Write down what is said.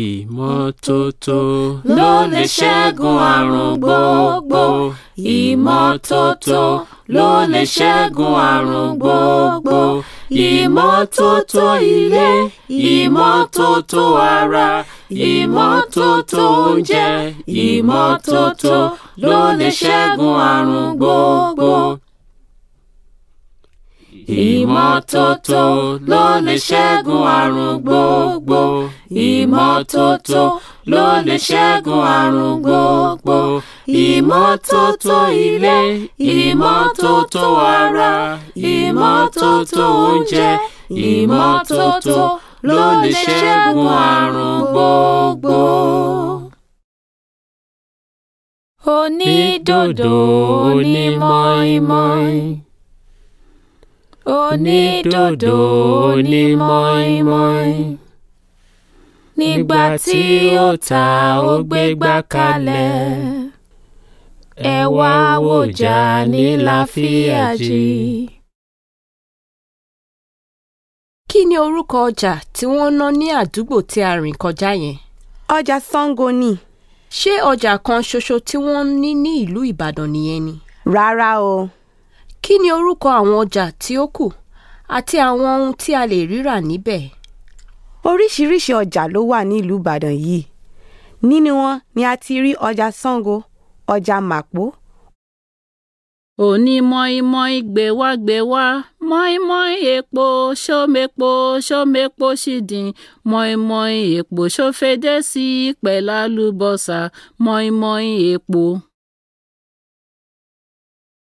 Ìmọ́tótó ló lè ṣẹ́gun àrùn gbogbo. Ìmọ́tótó ló lè ṣẹ́gun àrùn gbogbo. Ìmọ́tótó ilé, ìmọ́tótó ara, ìmọ́tótó oúnjẹ, ìmọ́tótó ló lè ṣẹ́gun àrùn gbogbo ìmọ́tótó ló lè ṣẹ́gun àrùn gbogbo ìmọ́tótó ló lè ṣẹ́gun àrùn gbogbo ìmọ́tótó ilé ìmọ́tótó ara ìmọ́tótó oúnjẹ ìmọ́tótó ló lè ṣẹ́gun àrùn gbogbo. onídòdó onímọ̀-ìmọ̀-ìmọ̀ onídòdò onímọ́ínmọ́ín nígbà tí ó ta ó gbégbá kalẹ̀ ẹ wá wòjà ní láfíàjì. kí ni orúkọ ọjà tí wọ́n ná ní àdúgbò tí a rìn kọjá yẹn? ọjà Ṣàngó ni. ṣé ọjà kan ṣoṣo tí wọ́n ní ní ìlú Ìbàdàn nìyẹn ni? rárá o. Kí ni orúkọ àwọn ọjà tí ó kù àti àwọn ohun tí a lè rí rà níbẹ̀? Oríṣiríṣi ọjà ló wà ní Ìbàdàn yìí. Nínú wọn ni a ti rí ọjà Sango, ọjà Màpó. Òní mọ́ínmọ́ín gbéwágbéwá, mọ́ínmọ́ín èpo ṣómepo ṣómepo ṣìdìn, mọ́ínmọ́ín èpo ṣófédé sí pẹ̀lú àlùbọ́sà, mọ́ínmọ́ín